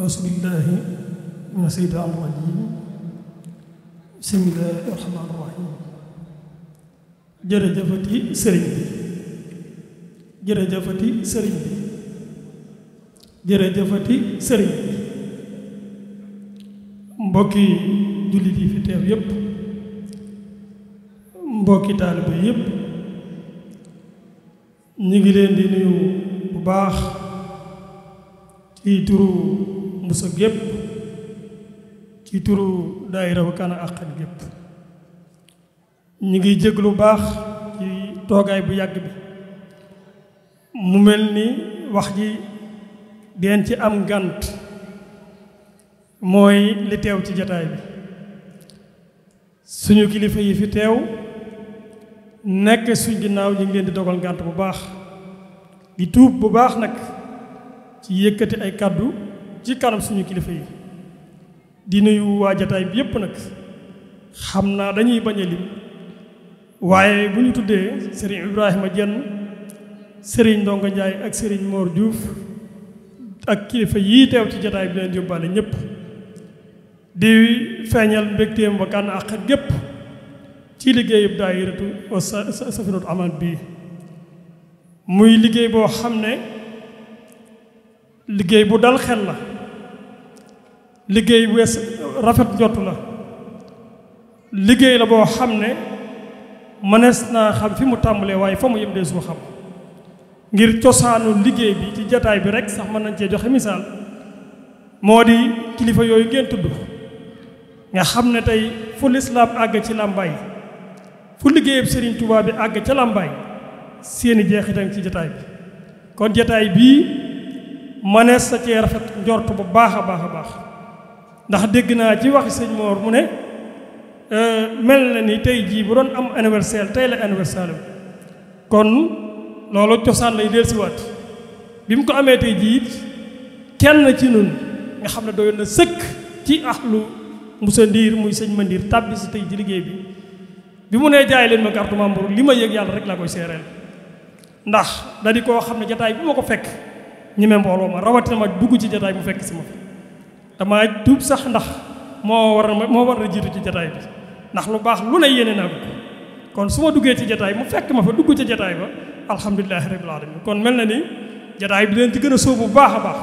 أعوذ بالله من الشيطان الرجيم بسم الله الرحمن الرحيم jërëjëfati sëriñ bi jërëjëfati sëriñ bi jërëjëfati sëriñ bi mbokki jullit yi fi teew yépp mbokki taaliba yépp ñu ngi leen di nuyu bu baax ci turu so gépp ci turu daayira Wakana Haqqan gépp ñu ngi jég lu baax ci toogaay bu yàgg bi mu mel ni wax ji deen ci am ngànt mooy li teew ci jataay bi suñu kilifa yi fi teew nekk suñ ginnaaw ñu ngi leen di dogal ngànt bu baax di tuub bu baax nag ci yëkkati ay kàddu ci kanam suñu kilifa yi di nuyu waa jataay bi yépp nag xam naa dañuy bañ waaye bu ñu tuddee sëriñ Ibrahima jenn sëriñ Ndonga ak sëriñ Mor Diouf ak kilifa yi teew ci jataay bi leen yóbbaale ñëpp di feeñal mbégteem ba kànn xet gépp ci liggéeyub daayiratu Safinatoul Aman bii muy liggéey boo xam ne liggéey bu dal xel la liggéey wees rafet njott la liggéey la boo xam ne mënees naa xam fi mu tàmbalee waaye fa mu yem dee su xam ngir cosaanu liggéey bi ci jataay bi rek sax mën nañ cee joxe misaal moo di kilifa yooyu ngeen tudd nga xam ne tey fu lislaam àgg ci làmbaay fu liggéeyab Serigne Touba bi àgg ca làmbaay seeni jeexitam ci jataay bi kon jataay bii mënees sa cee rafet njort bu baax a baax a baax ndax dégg naa ci waxi sëñ Mor mu ne euh, mel na ni tey jii bu doon am anniversaire tey la anniversaire kon loolu cosaan lay dellusiwaat bi mu ko amee tey jii it kenn ci nun nga xam ne doyoon na sëkk ci ahlu Moussa Ndiir muy sëñ Mandiir tàbbi si tey ji liggéey bi bi mu nee jaay leen ma carte membre li ma yëg yàlla rek laa koy seereel ndax da koo xam ne jataay bi ma ko fekk ñi me mbooloo ma rawatina ma dugg ci jataay bu fekk si ma dama tuub sax ndax moo war ma moo war a jiitu ci jataay bi ndax lu baax lu ne yéene naa ko kon su ma duggee ci jataay mu fekk ma fa dugg ca jataay ba alhamdulilahi rabbil alamin kon mel na ni jataay bi leen ci gën a sóobu bu baax a baax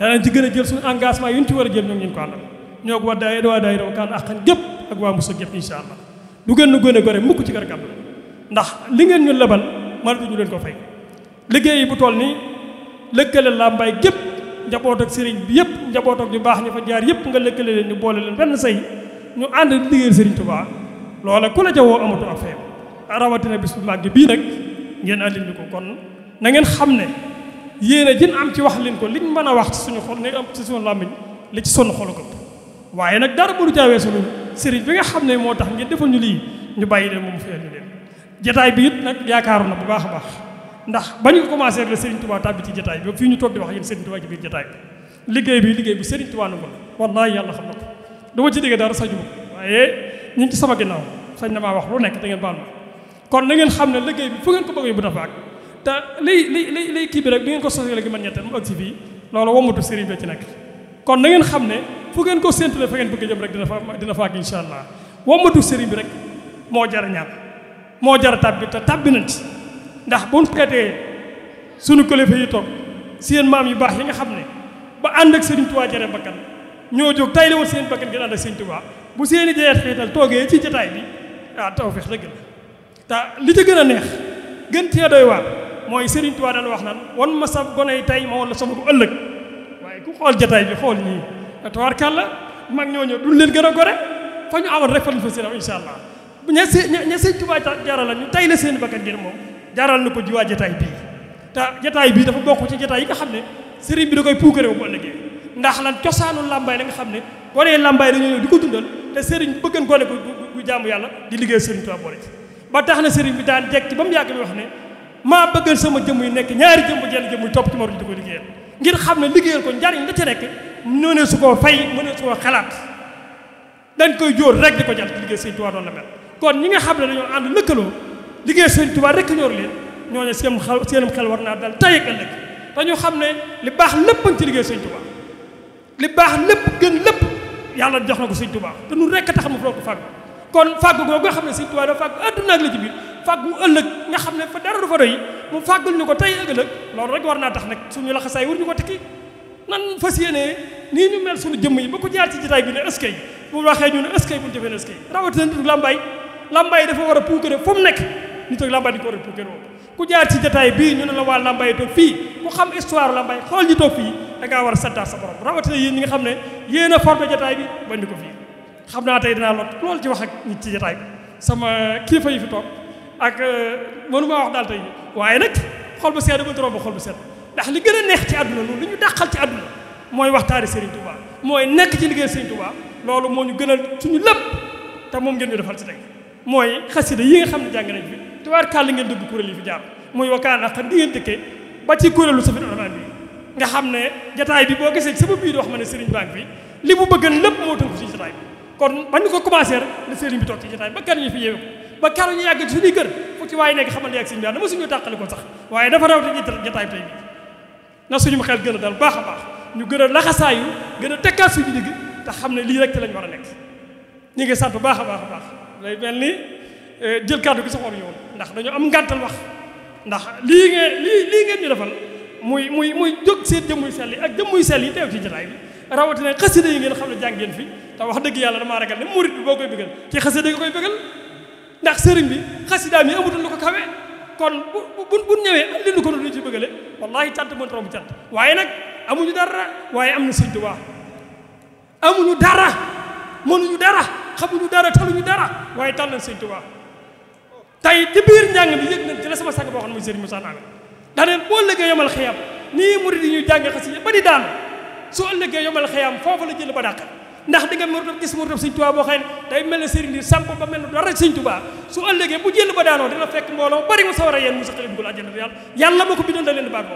danañ ci gën a jël suñu engagement yu ñu ci war a jël ñoom ñu ko àndal ñoo ko waa daay waa daay raw kaan àqan gépp ak waa musa gépp insha allah du gën a gën a gore mukk ci kër gàtt ndax li ngeen ñu lebal mënatuñu leen ko fay liggéey bu toll ni lëkkale làmbaay gépp njaboot ak sëriñ bi yëpp njaboot ak ñu baax ñu fa jaar yëpp nga lëkkale leen ñu boole leen benn say ñu ànd liggéeyal sëriñ Tuubaa loola ku la ca woo amatu ak feem rawatina bis bu màgg bii nag ngeen àndil ñu ko kon na ngeen xam ne yéen a jën am ci wax leen ko liñ mën a wax suñu xol ne am ci suñu làmmiñ li ci sonn xolu ko waaye nag dara bu du jaawee sëriñ bi nga xam ne moo tax ngeen defal ñu lii ñu bàyyi leen moom fiyal ñu leen jataay bi it nag yaakaaru na bu baax a baax ndax ba ñu commencé la Serigne Touba tàbbi ci jataay bi fii ñu toog di wax yéen Serigne Touba ci biir jataay bi liggéey bi liggéey bi Serigne Touba nangu la wallaahi yàlla xam na ko dama ci dégg dara sañu waaye ñu ngi ci sama ginnaaw sañ na maa wax lu nekk da ngeen baal ma kon na ngeen xam ne liggéey bi fu ngeen ko bëgg bu dafa ak te lay lay lay lay kii bi rek di ngeen ko sosee léegi man ñetteel mu ak si fii loolu wamatu Serigne bi ci nekk kon na ngeen xam ne fu ngeen ko séntale fa ngeen bëgg jëm rek dina fa dina fa ak insha allah bi rek moo jar a moo jar a te tàbbi nañ ci ndax bu ñu seetee sunu kilifa yi toog seen maam yu baax yi nga xam ne ba ànd ak Serigne Touba jare bakkan ñoo jóg tay la seen bakkan ngeen ànd ak Serigne bu seen i jeex toogee ci jotaay bi ah tawfeex dëgg la te li ci gën a neex gën cee doy waar mooy Serigne Touba wax naan wan ma sa goney tay ma woon la sama bu ëllëg waaye ku xool jotaay bi xool ñii tabaarkàlla mag ñooñu duñ a gore fa ñu amoon rek fa ñu fa seen am incha allah ña si ña Serigne Touba jara la ñu tay la seen bakkan ngir moom jaral na ko ji waa jataay bii te jataay bii dafa bokk ci jataay yi nga xam ne sëriñ bi da koy puukare bu ëllëgee ndax lan cosaanu làmbaay la nga xam ne gonee làmbaay dañoo ñëw di ko dundal te sëriñ bi bëggan gone gu jaamu yàlla di liggéey sëriñ Tuubaa boole ba tax na sëriñ bi daan jekk ci ba mu yàgg mi wax ne maa bëggal sama jëmm yu nekk ñaari jëmm jenn jëmm yu topp ci mor di ko liggéeyal ngir xam ne liggéeyal ko njariñ la ca nekk ñoo ne su koo fay mu ne xalaat dañ koy jóor rek di ko jàll ci liggéey sëriñ Tuubaa doon kon ñi xam ne dañoo ànd lëkkaloo liggéey sëñ Tuubaa rekk ñor leen ñooñu seen xel seenum xel war naa dal tey ak ëllëg dañu xam ne li baax lépp ci liggéey sëñ Tuubaa li baax lépp gën lépp yàlla jox na ko sëñ Tuubaa te nu rekk tax mu foog ko fàgg kon fàgg googu nga xam ne sëñ Tuubaa dafa fàgg àdduna ak la ci mu ëllëg nga xam ne fa dara du fa doy mu fàggul ñu ko tey ak ëllëg loolu rek war naa tax nag suñu laxasaay war ñu ko tekki nan fas yéene nii ñu mel suñu jëmm yi ba ko jaar ci jotaay bi ne ëskay bu waxee ñu ne ëskay bu ñu defee ne ëskay rawatina nit dafa war a puukare fu mu nekk ñu toog làmbaay di ko war pour gëroo ku jaar ci jataay bii ñu ne la waa làmbaay toog fii ku xam histoire làmbaay xool ñu toog fii da ngaa war a santaat sa borom rawatina yéen ñi nga xam ne yéen a formé jataay bi bandi ko fii xam naa tey dinaa lot loolu ci wax ak nit ci jataay bi sama kilifa yi fi toog ak euh, mënu maa wax daal tey waaye nag xol bu sedd ba trop ba xol bu sedd ndax li gën a neex ci àdduna loolu li ñu dàqal ci àdduna mooy waxtaari Serigne Touba mooy nekk ci liggéey Serigne Touba loolu moo ñu gënal suñu lépp te moom ngeen ñu defal ci tey mooy xasida yi nga xam ne jàng nañ fi tuwaar kàll ngeen dugg kuréel fi jaar muy wakaana xam diggante ke ba ci kuréelu safin ulamaa bi nga xam ne jataay bi boo gisee sama biir wax ma ne sëriñ baa ngi li mu bëggan lépp moo tënk ci jataay bi kon ba ñu ko commencé rek la sëriñ bi toog ci jataay ba kar ñu fi yeewu ba kar ñu yàgg suñuy kër fu ci waaye nekk xamal ne ak sëriñ bi dama xel gën a dal baax a baax ñu gën a laxasaayu gën a tekkaat suñu digg te xam ne lii rek te war a nekk ñu ngi sant baax a baax a baax day mel ni eh, sa ndax dañoo am ngàntal wax ndax lii ngeen lii lii ngeen ñu defal muy muy muy jóg seen jëmmuy sell yi ak jëmmuy sell yi teew ci jotaay bi rawatina xasida yi ngeen xam ne jàngeen fi te wax dëgg yàlla damaa ragal ne murit bi boo koy bëggal ci xasida nga koy bëggal ndax sëriñ bi xasida mi amatul lu ko kawe kon bu bu bu ñëwee andi lu ko doon ci bëggale wallaahi cant mën romb cant waaye nag amuñu dara waaye am na sëñ Tuubaa amuñu dara mënuñu dara xamuñu dara taluñu dara waaye tal nañ sëñ Tuubaa tey ci biir njàng bi yëg nañ ci la sama sàng boo xam ne muy sëriñ Moussa Naame daa neen boo ëllëgee yomal xiyam nii murid yi ñuy jànge xasida ba di daan su ëllëgee yomal xiyam foofu la jël ba daanoo dina fekk mbooloo bari mu sawara yéen mu saqale dugal àjjana yàlla yàlla ma ko bindoon da leen di moom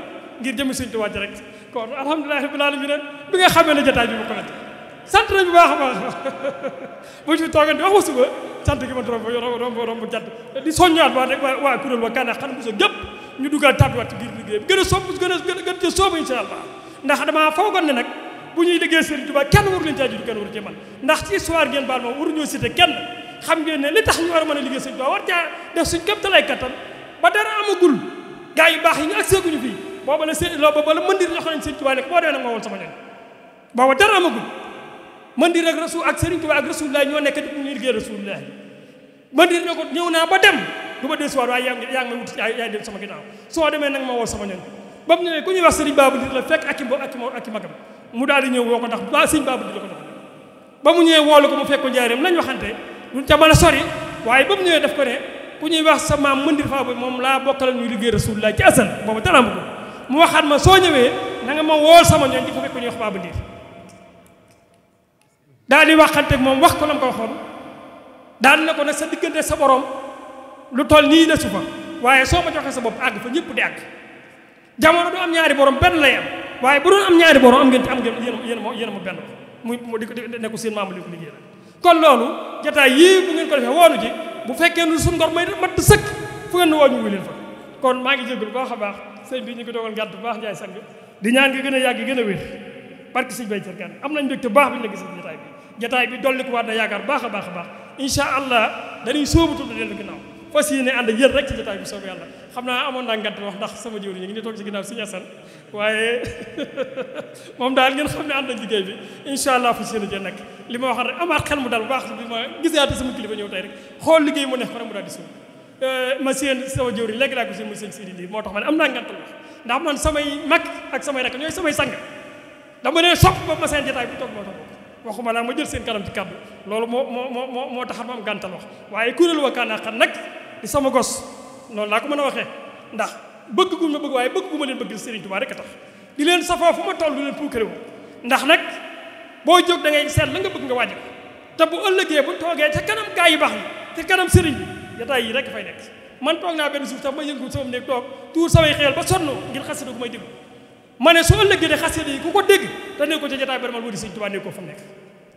ngir jëmi sëñ Tuubaa ji rek kon alhamdulilahi rabbil alamin bi nga xamee ne jotaay bi bu ko sant nañ baax a baax bu ñu fi toogee di wax ba suba sant gi ma romb romb romb jant waa rek wa Gana Xane Busso gépp ñu duggaat tàbbiwaat ci biir liggéey bi gën a sopp gën a gën a soobu insha allah ndax damaa foogoon ne nag bu ñuy liggéey Serigne Touba kenn waru leen caa jur kenn waru ci man ndax ci li tax war a mën a liggéey Serigne Touba war caa def suñ képp talay kattan ba dara amagul gars yu baax yi ñu ak seeguñu fii booba la seen loo booba la mën di jox nañ Serigne boo demee nag moo woon sama ñoñ booba dara man di rek rasul ak Serigne Touba ak rasulullah ñoo nekk di ñu liggéey rasulullah man di ko ñëw naa ba dem du ba dellusiwaat waaye yaa ngi yaa soo demee nag ma woo sama ñoñ ba mu wax Serigne Babou Dir la fekk ak i ak i ak i woo ko ndax ba Serigne Babou la ko dox ba mu ñëwee a sori waaye ba mu ñëwee daf ko ku ñuy wax sa maam mëndir faa moom laa bokkal ñuy liggéey rasulullah ci asal boobu dara mu waxaat ma soo ñëwee na nga ma wool sama ñoñ di ko fekk ñuy wax Babou daal di waxante ak moom wax ko la mu ko waxoon daal na ko nag sa diggante sa borom lu toll nii ne su fa waaye soo ma joxee sa bopp àgg fa ñëpp di àgg jamono du am ñaari borom benn lay am waaye bu doon ñaari borom am ngeen am ngeen yéen moo yéen moo benn muy di ko nekku seen maamu li ko liggéey la kon loolu jataay yii bu ngeen ko defee woonu ji bu fekkee nu suñ ngor may mat sëkk fu ngeen woo ñu wuy leen fa kon maa ngi jël jégalu baax a baax sëñ bi ñu ngi dogal gàtt baax njaay sang di ñaan nga gën a yàgg gën a wér barke sëñ am nañ mbégte baax bi ñu gis jataay bi jataay bi dolli ko waat na yaakaar baax a baax a baax incha allah dañuy sóobu tudd dellu ginnaaw fas yéene ànd yéen rek ci jataay bi soobu yàlla xam naa amoon naa ngant wax ndax sama jiwri ñu ngi ni toog ci ginnaaw suñu asan waaye moom daal ngeen xam ne bi incha allah fas yéene jël nag li ma waxoon rek amaat xel mu daal baax bi ma gisaate sama kilifa ñëw tey rek xool liggéey mu neex ko rek mu daal di sóobu euh, ma seen sama seen muy seen moo tax man am naa ngant wax samay mag ak samay rakk ñooy samay sang dama ne sopp ba ma seen jataay bi toog moo tax waxuma laa ma jël seen kanam ci kàddu loolu moo moo moo moo taxar ma am gàntal wax waaye kuréelu wakkaanaa xat nag di sama gos noonu laa ko mën a waxee ndax bëgg gu ma bëgg waaye bëgg gu ma leen bëgg Serigne Touba rek a tax di leen safoo fu ma toll di leen puukare ndax nag boo jóg da ngay seet la nga bëgg nga wàññi ko te bu ëllëgee bu toogee ca kanam gaa yi baax yi te kanam sëriñ bi jataay yi rek fay nekk man toog naa benn suuf sax ma yëngu sama néeg toog tuur samay xeel ba sonn ngir xasida gu may déglu ma soo su ëllëgee de xasida yi ku ko dégg te ne ko ca jotaay baramal wëri sëñ Tuubaa ne ko fa nekk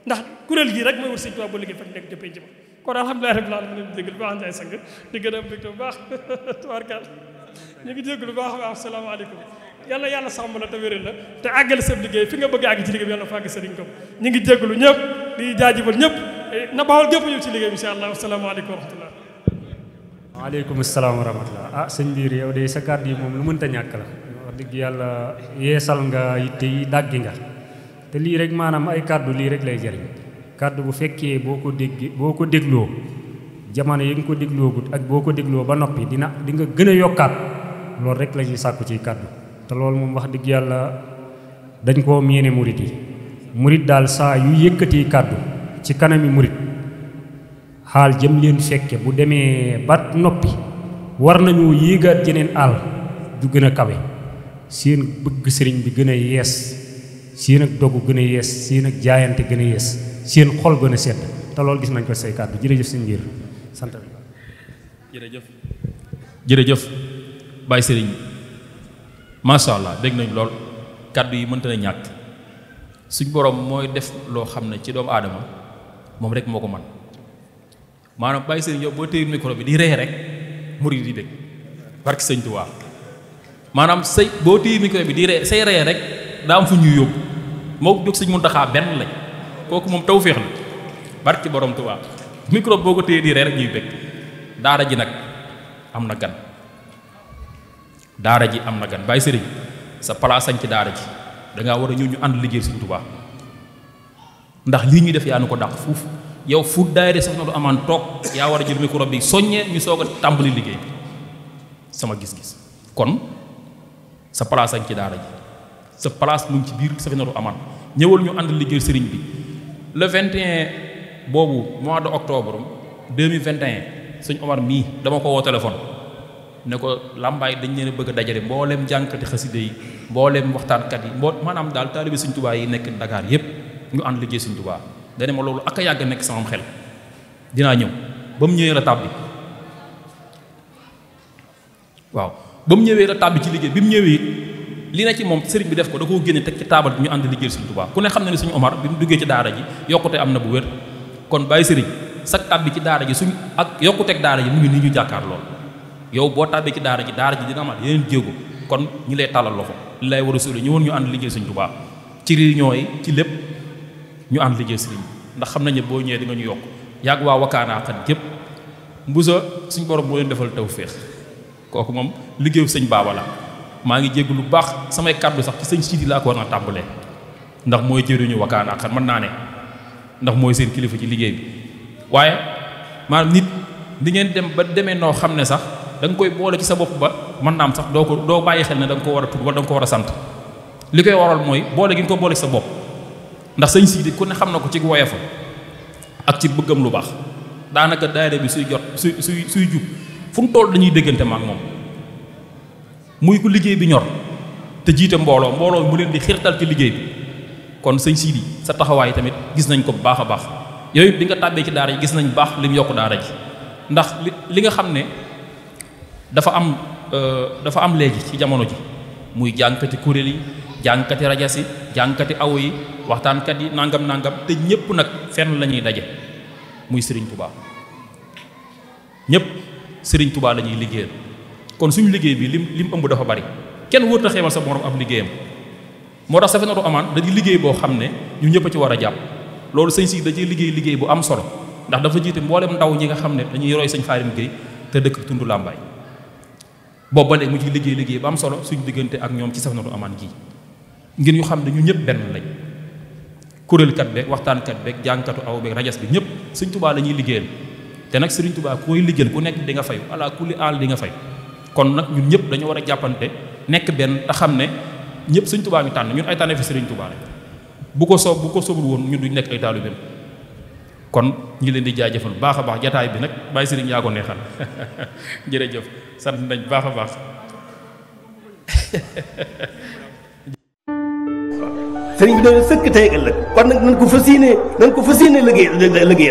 ndax kuréel gii rek mooy wër sëñ Tuubaa bu liggéey fa nekk ca penc ma kon alhamdulilah rabbil alamin dégg lu baax a am baax tubaarkaal ñu a baax salaamaaleykum yàlla yàlla sàmm la te wéral la te àggal sa liggéey fi nga bëgg àgg ci liggéey bi yàlla fa àgg sëriñ ko ñu ngi jégalu ñëpp di jaajëfal ñëpp eh, na bawal gépp ñu ci liggéey bi incha allah wasalaamaaleykum wa rahmatullah waaleykum wa rahmatullah ah sëñ biir yow de sa kàddu yi moom lu ñàkk la wax yàlla yeesal nga yitte yi dàggi nga te lii rek maanaam ay kàddu lii rek lay jariñ kàddu bu fekkee boo ko dégg boo ko dégloo jamono yi nga ko dégloogut ak boo ko dégloo ba noppi dina di nga gën a yokkaat loolu rek la ñuy sàkku ciy kàddu te loolu moom wax dëgg yàlla dañ koo miine murit yi murit daal saa yu yëkkati kàddu ci kanami murit xaal jëm leen fekke bu demee ba noppi war nañu yéegaat jeneen àll du gën a kawe seen bëgg sëriñ bi gën a yees seen ak dogu gën a yees seen ak jaayante gën a yees seen xol gën a sedd te loolu gis nañ ko say kàddu jërëjëf sëñ Ngir jërëjëf jërëjëf bàyyi sëriñ macha allah dégg nañ lool kàddu yi mënta na ñàkk suñ boroom mooy def loo xam ne ci doomu aadama moom rek moo ko man maanaam bàyyi sëriñ yow boo téye micro bi di ree rek murid di dégg barke sëñ Tuubaa maanaam say boo téye micro bi di ree say ree rek daa am fu ñuy yóbbu moo jóg sëñ Muntaxa benn lañ kooku moom tawféex la barki borom Tuubaa micro boo ko téyee di ree rek ñuy bëgg daara ji nag am na gan daara ji am na gan bàyyi sëriñ sa place sañ ci daara ji dangaa war a ñëw ñu ànd liggéey sëñ ndax lii ñuy def yaa nu ko dàq fuuf yow fu daayira sax na lu amaan toog yaa war a jël micro bi soññee ñu soog a tàmbali liggéey bi sama gis-gis kon sa place añ ci daara ji sa place mu ngi ci biir Safinatou Aman ñëwal ñu ànd liggéey sëriñ bi le 21 boobu mois de octobre 2021 sëñ Omar mii dama ko woo téléphone ne ko làmbaay dañ leen a bëgg a dajale mbooleem jànkati xaside yi mbooleem waxtaankat yi mboo maanaam daal taalibe sëñ Tuubaa yi nekk Dakar yépp ñu ànd liggéey sëñ Tuubaa dane ma loolu ak a yàgg nekk sama xel dinaa ñëw ba mu ñëwee la tàbbi waaw ba mu ñëwee la tàbbi ci liggéey bi mu ñëwee li na ci moom sëriñ bi def ko da koo génne teg ci taabal bi ñu ànd liggéey Sëriñ Tuubaa ku ne xam na ne suñu Omar bi mu duggee ci daara ji yokkute am na bu wér kon bàyyi sëriñ sag tàbbi ci daara ji suñ ak yokkuteeg daara ji mu ngi nii ñu jàkkaar lool yow boo tàbbee ci daara ji daara ji dina amaat yeneen jéego kon ñi lay tàllal loxo li lay war a sóole ñu woon ñu ànd liggéey Sëriñ Tuubaa ci réunion yi ci lépp ñu ànd liggéey sëriñ ndax xam nañu boo ñëwee di nga ñu yokk yàgg waa wakaanaa xan yëpp mbusa suñ borom moo leen defal tawféex kooku moom liggéeyu sëñ baaba la maa ngi jégg lu baax samay kàddu sax ci sëñ Sidi laa ko war a tàmbule ndax mooy jëriñu wakkaan ak mën naa ne ndax mooy seen kilifa ci liggéey bi waaye maanaam nit di ngeen dem ba demee noo xam ne sax da koy boole ci sa bopp ba mën naa am sax doo ko doo bàyyi xel ne da ko war a tudd wala da nga ko war a sant li koy waral mooy boole gi nga ko boole ci sa bopp ndax sëñ Sidi ku ne xam na ko ci woyafa ak ci bëggam lu baax daanaka daayira bi fu mu toll dañuy déggante ma moom muy ku liggéey bi ñor te jiite mbooloo mbooloo mu leen di xirtal ci liggéey bi kon sëñ Sidi sa taxawaay tamit gis nañ ko bu baax a baax yooyu bi nga tàbbee ci daara yi gis nañ baax li mu yokk daara ji ndax li li nga xam ne dafa am euh, dafa am léegi ci jamono ji muy jànkati kuréel yi jànkati rajas yi jànkati awo yi waxtaankat yi nangam nangam te ñëpp nag fenn lañuy ñuy daje muy sëriñ Touba ñëpp. sëriñ tubaa la ñuy liggéeyal kon suñu liggéey bi lim lim ëmb dafa bari kenn wër ta xeemal sa borom ab liggéeyam moo tax safinatu amaan dañuy liggéey boo xam ne ñu ñëpp ci war a jàpp loolu sëñ si da liggéey liggéey bu am solo ndax dafa jiite mboolem ndaw ñi xam ne dañuy roy sëñ Xaadim Géey te dëkk tund làmbaay boobu ba léegi mu ci liggéey liggéey bu am solo suñu diggante ak ñoom ci safinatu amaan gi ngir ñu xam ne ñëpp benn lañ kuréelkat beeg waxtaankat beeg jàngkatu aw beeg rajas bi ñëpp suñ tubaa la ñuy liggéeyal te nag Serigne Touba ku koy lijjal ku nekk di nga fayu ala kulli aal di nga fayu kon nag ñun ñëpp dañu war a jàppante nekk benn te xam ne ñëpp Serigne Touba ñu tànn ñun ay tànne fi Serigne Touba rek bu ko soob bu ko soobul woon ñun duñ nekk ay taalibeem kon ñi leen di jaajëfal baax a baax jataay bi nag bàyyi Serigne yaa ko neexal jërëjëf sant nañ baax a baax. sëriñ bi daal sëkk tey ëllëg kon ko fas yéene nañ ko fas yéene liggéey liggéey